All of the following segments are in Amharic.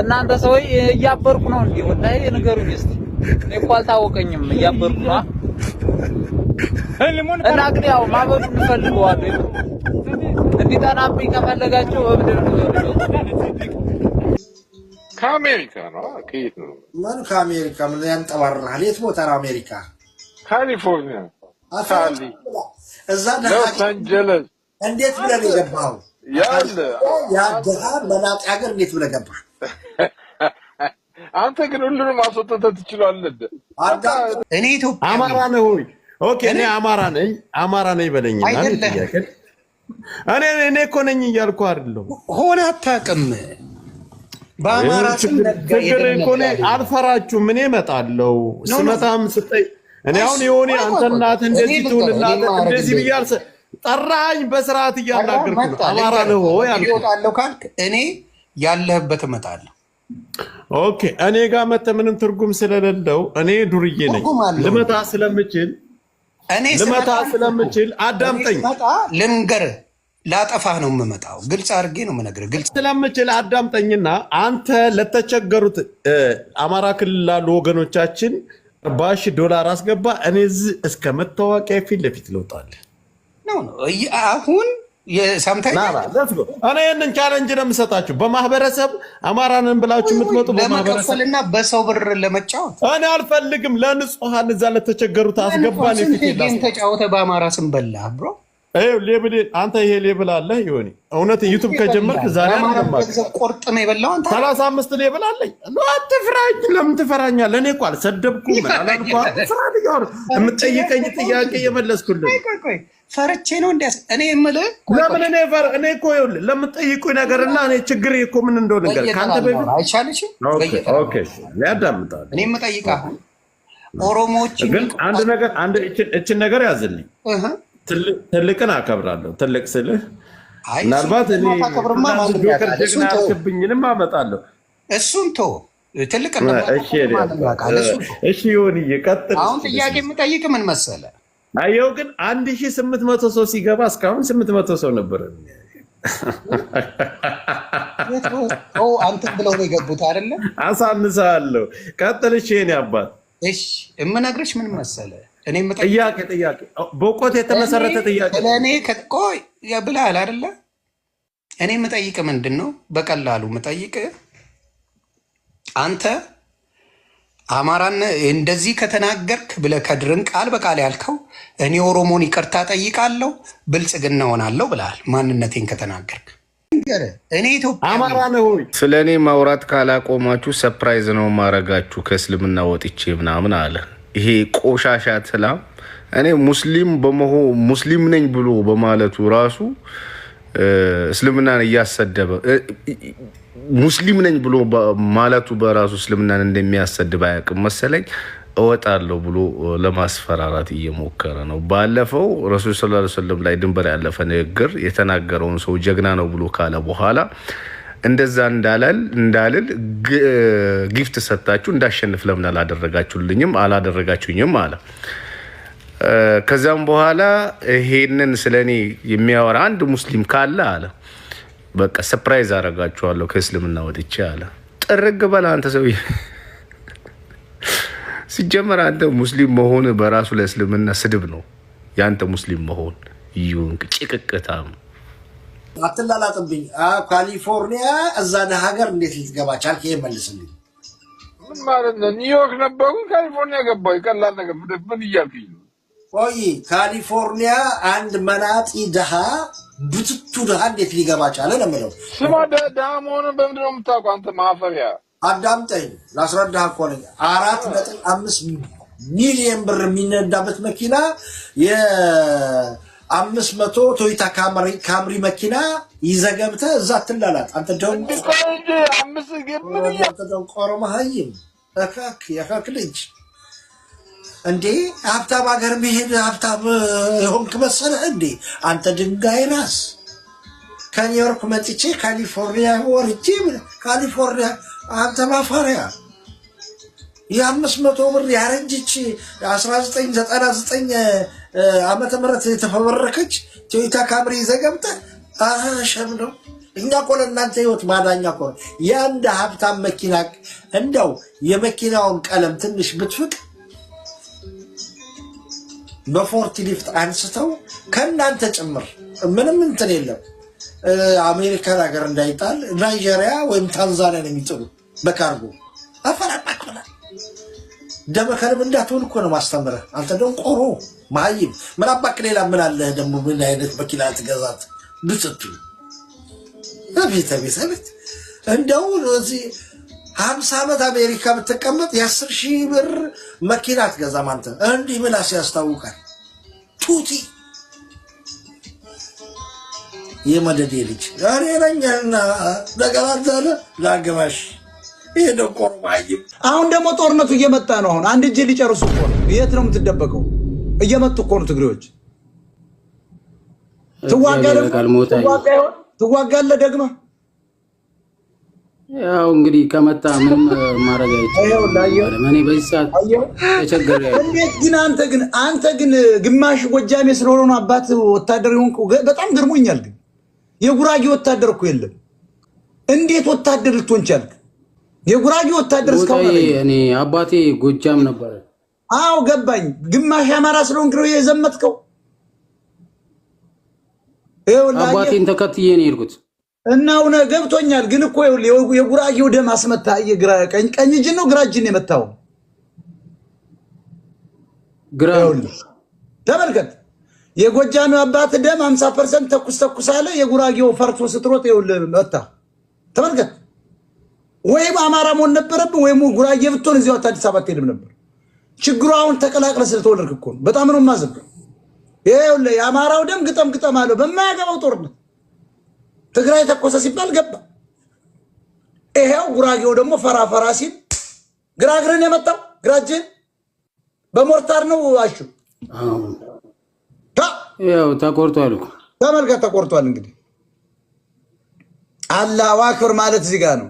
እናንተ ሰው እያበርኩ ነው እንዴ? ወላሂ ንገሩኝ እስቲ። እኔ እኮ አልታወቀኝም። እያበርኩ ነው እና ግን ያው ማበዱ እንፈልገዋለሁ። እንዲጠናብኝ ከፈለጋችሁ እብድር ነው። ከአሜሪካ ነው። ከየት ነው? ምን ከአሜሪካ ምን የት ቦታ ነው አሜሪካ? ካሊፎርኒያ፣ ሳሊ፣ እዛ ሎስ አንጀለስ። እንዴት ብለህ ነው የገባኸው? ያ ድሃ ሀገር እንዴት ብለህ ገባህ? አንተ ግን ሁሉንም አስወጥተህ ትችላለህ። እኔ ኢትዮጵያ አማራ ነህ ወይ? ኦኬ እኔ አማራ ነኝ አማራ ነኝ በለኝ። እኔ እኔ እኮ ነኝ እያልኩ አይደለም። ሆነ አታውቅም። በአማራ ችግር እኮ እኔ አልፈራችሁም። እኔ እመጣለሁ። ስመጣም ስጠይ እኔ አሁን የሆነ አንተ እናትህ እንደዚህ ትሁን እናትህ እንደዚህ ብያለሁ ጠራኝ። በስርዓት እያናገርኩ አማራ ነው እወጣለሁ ካልክ እኔ ያለህበት እመጣለሁ። ኦኬ እኔ ጋር መተህ ምንም ትርጉም ስለሌለው እኔ ዱርዬ ነኝ። ልመታ ስለምችል እኔ ልመታ ስለምችል አዳምጠኝ። ልንገር ላጠፋህ ነው የምመጣው። ግልጽ አድርጌ ነው የምነግርህ። ግልጽ ስለምችል አዳምጠኝና አንተ ለተቸገሩት አማራ ክልል ላሉ ወገኖቻችን በሺህ ዶላር አስገባ። እኔ እዚህ እስከ መታወቂያ ፊት ለፊት ልወጣለህ። ነው ነው አሁን እኔ ይህንን ቻለንጅ ነው የምሰጣችሁ። በማህበረሰብ አማራንን ብላችሁ የምትመጡ ለመከፈልና በሰው ብር ለመጫወት እኔ አልፈልግም። ለንጹሐን እዛ ለተቸገሩት አስገባን። ተጫወተ በአማራ ስም በላ አንተ ይሄ ሌብል አለ ይሆኒ እውነት ዩቱብ ከጀመርክ ዛሬ ቁርጥ ነው የበላው። ሰላሳ አምስት ሌብል አለኝ። አትፍራኝ። ለምን ትፈራኛለህ? እኔ እኮ አልሰደብኩም። የምጠይቀኝ ጥያቄ የመለስኩልህ ፈርቼ ነው እንዲያስ እኔ የምልህ ለምን እኔ ፈር እኔ እኮ ይኸውልህ ለምትጠይቁኝ ነገርና እኔ ችግር እኮ ምን እንደሆነ ነገር ከአንተ በፊት አይቻልሽም። ኦኬ ያዳምጣል። እኔ የምጠይቅህ ኦሮሞዎች ግን አንድ ነገር አንድ እችን ነገር ያዝልኝ ትልቅን አከብራለሁ። ትልቅ ስልህ ምናልባት ክብኝንም አመጣለሁ። እሱን ቶ ትልቅእሺ እሺ፣ ይሁን ይቀጥል። አሁን ጥያቄ የምጠይቅ ምን መሰለ አየው፣ ግን አንድ ሺህ ስምንት መቶ ሰው ሲገባ እስካሁን ስምንት መቶ ሰው ነበር። አንተ ብለው የገቡት አይደለ? አሳንሰሃለሁ። ቀጥል። እሺ፣ የእኔ አባት እሺ፣ የምነግርሽ ምን መሰለ ጥያቄ ጥያቄ በእውቀት የተመሰረተ ጥያቄ ለእኔ ቆይ ብላል አይደለ? እኔ የምጠይቅ ምንድን ነው በቀላሉ ምጠይቅ አንተ አማራን እንደዚህ ከተናገርክ ብለህ ከድርን ቃል በቃል ያልከው እኔ ኦሮሞን ይቅርታ ጠይቃለሁ ብልጽግና ሆናለሁ ብላል። ማንነቴን ከተናገርክ እኔ ኢትዮጵያ አማራ ወይ? ስለ እኔ ማውራት ካላቆማችሁ ሰፕራይዝ ነው ማረጋችሁ ከእስልምና ወጥቼ ምናምን አለ ይሄ ቆሻሻ ትላ እኔ ሙስሊም በመሆ ሙስሊም ነኝ ብሎ በማለቱ ራሱ እስልምናን እያሰደበ ሙስሊም ነኝ ብሎ ማለቱ በራሱ እስልምናን እንደሚያሰድብ አያውቅም መሰለኝ። እወጣለሁ ብሎ ለማስፈራራት እየሞከረ ነው። ባለፈው ረሱል ስ ዐለይሂ ላይ ድንበር ያለፈ ንግግር የተናገረውን ሰው ጀግና ነው ብሎ ካለ በኋላ እንደዛ እንዳላል እንዳልል ጊፍት ሰጣችሁ እንዳሸንፍ ለምን አላደረጋችሁልኝም አላደረጋችሁኝም አለ። ከዛም በኋላ ይሄንን ስለ እኔ የሚያወራ አንድ ሙስሊም ካለ አለ በቃ ሰፕራይዝ አረጋችኋለሁ ከእስልምና ወጥቼ አለ። ጥርግ በላ አንተ ሰውዬ። ሲጀመር አንተ ሙስሊም መሆን በራሱ ለእስልምና ስድብ ነው። የአንተ ሙስሊም መሆን ይሁን ጭቅቅታም አትላላጥብኝ። ካሊፎርኒያ እዛ ሀገር እንዴት ልትገባ ቻልክ? ይሄ መልስልኝ። ምን ማለት ነው? ኒውዮርክ ነበሩ ካሊፎርኒያ ገባ። ቀላል ነገር ምን እያልክኝ ነው? ቆይ ካሊፎርኒያ አንድ መናጢ ድሃ ብትቱ ድሃ እንዴት ሊገባ ቻለ ነው የምለው። ስማ ድሃ መሆኑን በምንድን ነው የምታውቀው አንተ ማፈሪያ? አዳምጠኝ ላስረዳህ እኮ ነኝ። አራት ነጥብ አምስት ሚሊየን ብር የሚነዳበት መኪና አምስት መቶ ቶዮታ ካምሪ መኪና ይዘህ ገብተህ እዛ ትላላት። አንተ ደንቆሮ መሀይም እከክ የከክ ልጅ እንዴ! ሀብታም ሀገር መሄድ ሀብታም የሆንክ መሰለህ እንዴ? አንተ ድንጋይ ራስ ከኒውዮርክ መጥቼ ካሊፎርኒያ ወርጄ ካሊፎርኒያ አንተ ማፋሪያ የአምስት መቶ ብር ያረጀች 1999 ዘጠኝ ዘጠና ዘጠኝ የተፈበረከች ቶዮታ ካምሪ ይዘህ ገብተህ አሸም ነው። እኛ ቆለ እናንተ ህይወት ማዳኛ እኮ የአንድ ሀብታም መኪና እንደው የመኪናውን ቀለም ትንሽ ብትፍቅ በፎርቲ ሊፍት አንስተው ከእናንተ ጭምር ምንም እንትን የለም። አሜሪካን ሀገር እንዳይጣል ናይጄሪያ ወይም ታንዛኒያ ነው የሚጥሉ በካርጎ አፈር ደመከርም እንዳትሆን እኮ ነው ማስተምረ። አንተ ደንቆሮ መሀይም ምን አባክ ሌላ ምን አለህ ደግሞ? ምን አይነት መኪና ትገዛት ብፅቱ ቤት ቤት ቤት እንደው እዚህ ሀምሳ ዓመት አሜሪካ ብትቀመጥ የአስር ሺህ ብር መኪና አትገዛም አንተ። እንዲህ ምላስ ያስታውቃል። ቱቲ የመደዴ ልጅ ሬረኛና ነኝና ለቀባዛለ አሁን ደግሞ ጦርነቱ እየመጣ ነው። አሁን አንድ እጅ ሊጨርሱ እኮ ነው። የት ነው የምትደበቀው? እየመጡ እኮ ነው ትግሬዎች። ትዋጋለ ደግመ ያው እንግዲህ ከመጣ ምንም ማድረግ አይቻልም። በዚህ ሰዓት ተቸገረ። እንዴት ግን አንተ ግን አንተ ግን ግማሽ ጎጃሜ ስለሆነ አባት ወታደር ሆንኩ በጣም ገርሞኛል። ግን የጉራጌ ወታደር እኮ የለም። እንዴት ወታደር ልትሆን ቻልክ? የጉራጌ ወታደር እስካሁን እኔ አባቴ ጎጃም ነበረ። አዎ ገባኝ። ግማሽ አማራ ስለሆንክ ነው የዘመትከው። አባቴን ተከትዬ ነው የሄድኩት እና አሁን ገብቶኛል። ግን እኮ የጉራጌው ደም አስመታ ቀኝ ቀኝ እጅን ነው ግራ እጅን የመታው ግራ ተመልከት። የጎጃሚ አባት ደም 50 ፐርሰንት ተኩስ ተኩስ አለ። የጉራጌው ፈርቶ ስትሮጥ ይኸውልህ መታ። ተመልከት ወይም አማራ መሆን ነበረብን ወይም ጉራጌ ብትሆን እዚያው አዲስ አበባ ትሄድም ነበር። ችግሩ አሁን ተቀላቅለ ስለተወለድክ እኮ ነው። በጣም ነው የማዘብህ። ይኸውልህ የአማራው ደም ግጠም ግጠም አለው በማያገባው ጦርነት ትግራይ ተኮሰ ሲባል ገባ። ይሄው ጉራጌው ደግሞ ፈራፈራ ሲል ግራግርን የመጣው ግራጅን በሞርታር ነው አሹ ተቆርጧል። ተመልከት ተቆርጧል። እንግዲህ አላሁ አክበር ማለት እዚህ ጋር ነው።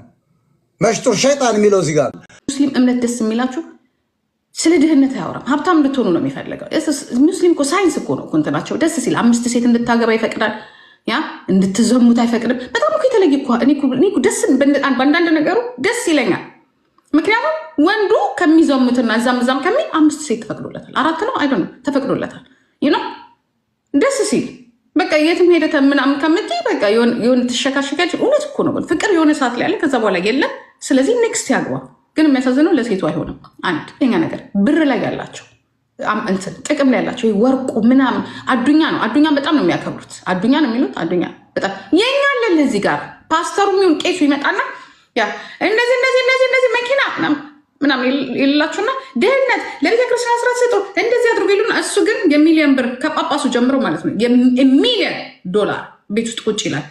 መሽጡር ሸይጣን የሚለው እዚህ ጋር ሙስሊም እምነት ደስ የሚላችሁ ስለ ድህነት አያወራም። ሀብታም እንድትሆኑ ነው የሚፈልገው። ሙስሊም እኮ ሳይንስ እኮ ነው እንትናቸው ደስ ሲል አምስት ሴት እንድታገባ ይፈቅዳል። ያ እንድትዘሙት አይፈቅድም። በጣም እኮ የተለየ እኮ ደስ በአንዳንድ ነገሩ ደስ ይለኛል። ምክንያቱም ወንዱ ከሚዘሙትና እዛም እዛም ከሚል አምስት ሴት ተፈቅዶለታል። አራት ነው አይደ ተፈቅዶለታል። ይህ ነው ደስ ሲል በቃ የትም ሄደ ምናምን ከምት በቃ የሆነ ትሸካሸካች። እውነት እኮ ነው፣ ፍቅር የሆነ ሰዓት ላይ ያለ ከዛ በኋላ የለም። ስለዚህ ኔክስት ያግባ። ግን የሚያሳዝነው ለሴቱ አይሆንም። አንድ ኛ ነገር ብር ላይ ያላቸው እንትን ጥቅም ላይ ያላቸው ወርቁ ምናምን አዱኛ ነው። አዱኛ በጣም ነው የሚያከብሩት። አዱኛ ነው የሚሉት። አዱኛ በጣም የኛ አለን እዚህ ጋር ፓስተሩ የሚሆን ቄሱ ይመጣና ያ እንደዚህ እንደዚህ እንደዚህ እንደዚህ መኪና ምናምን ምናምን የሌላችሁና ድህነት ለቤተክርስቲያን ክርስቲያን አስራት እንደዚህ አድርጎ ይሉና እሱ ግን የሚሊዮን ብር ከጳጳሱ ጀምሮ ማለት ነው የሚሊዮን ዶላር ቤት ውስጥ ቁጭ ይላል።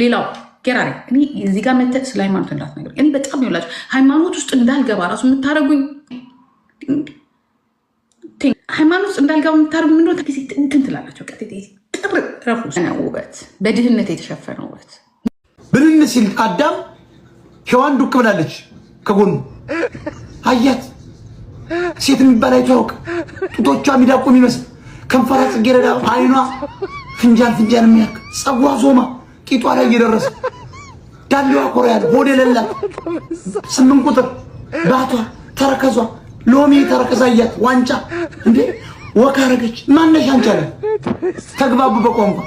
ሌላው ጌራሬ እኔ እዚህ ጋር መተህ ስለ ሃይማኖት እንዳትነግረኝ። እኔ በጣም ይላችሁ ሃይማኖት ውስጥ እንዳልገባ ራሱ የምታደርጉኝ ሃይማኖት ውስጥ እንዳልገባ የምታደርጉኝ ምንደ እንትን ትላላቸው ጥር ረፉ ውበት በድህነት የተሸፈነ ውበት ብንን ሲል አዳም ሔዋን ዱክ ብላለች ከጎኑ አያት ሴት የሚባል አይቶ ያውቅ ጡቶቿ ሚዳቁ የሚመስል ከንፈራ ጽጌረዳ አይኗ ፍንጃል ፍንጃል የሚያክ ጸጉሯ ዞማ ቂጧ ላይ እየደረሰ ዳሌዋ ኮራ ያለ ሆድ የሌላት ስምንት ቁጥር ባቷ ተረከዟ ሎሚ ተረከዛ አያት ዋንጫ እንዴ ወካ አረገች። ማነሽ አንቻለ ተግባቡ በቋንቋ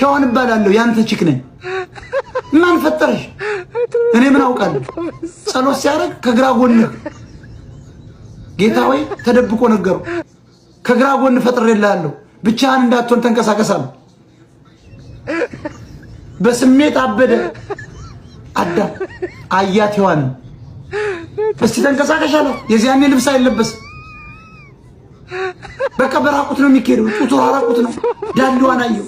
ሔዋን እባላለሁ ያንተ ቺክ ነኝ ማን ፈጠረሽ? እኔ ምን አውቃለሁ? ጸሎት ሲያደርግ ከግራ ጎንህ ጌታ ወይ ተደብቆ ነገሩ ከግራ ጎን ፈጥሬልሃለሁ፣ ብቻህን እንዳትሆን ተንቀሳቀሳል። በስሜት አበደ አዳም አያት ሔዋን እስቲ ተንቀሳቀሽ አለ። የዚያኔ ልብስ አይለበስ በቃ በራቁት ነው የሚካሄደው። ጡቱ ራቁት ነው። ዳሌዋን አየው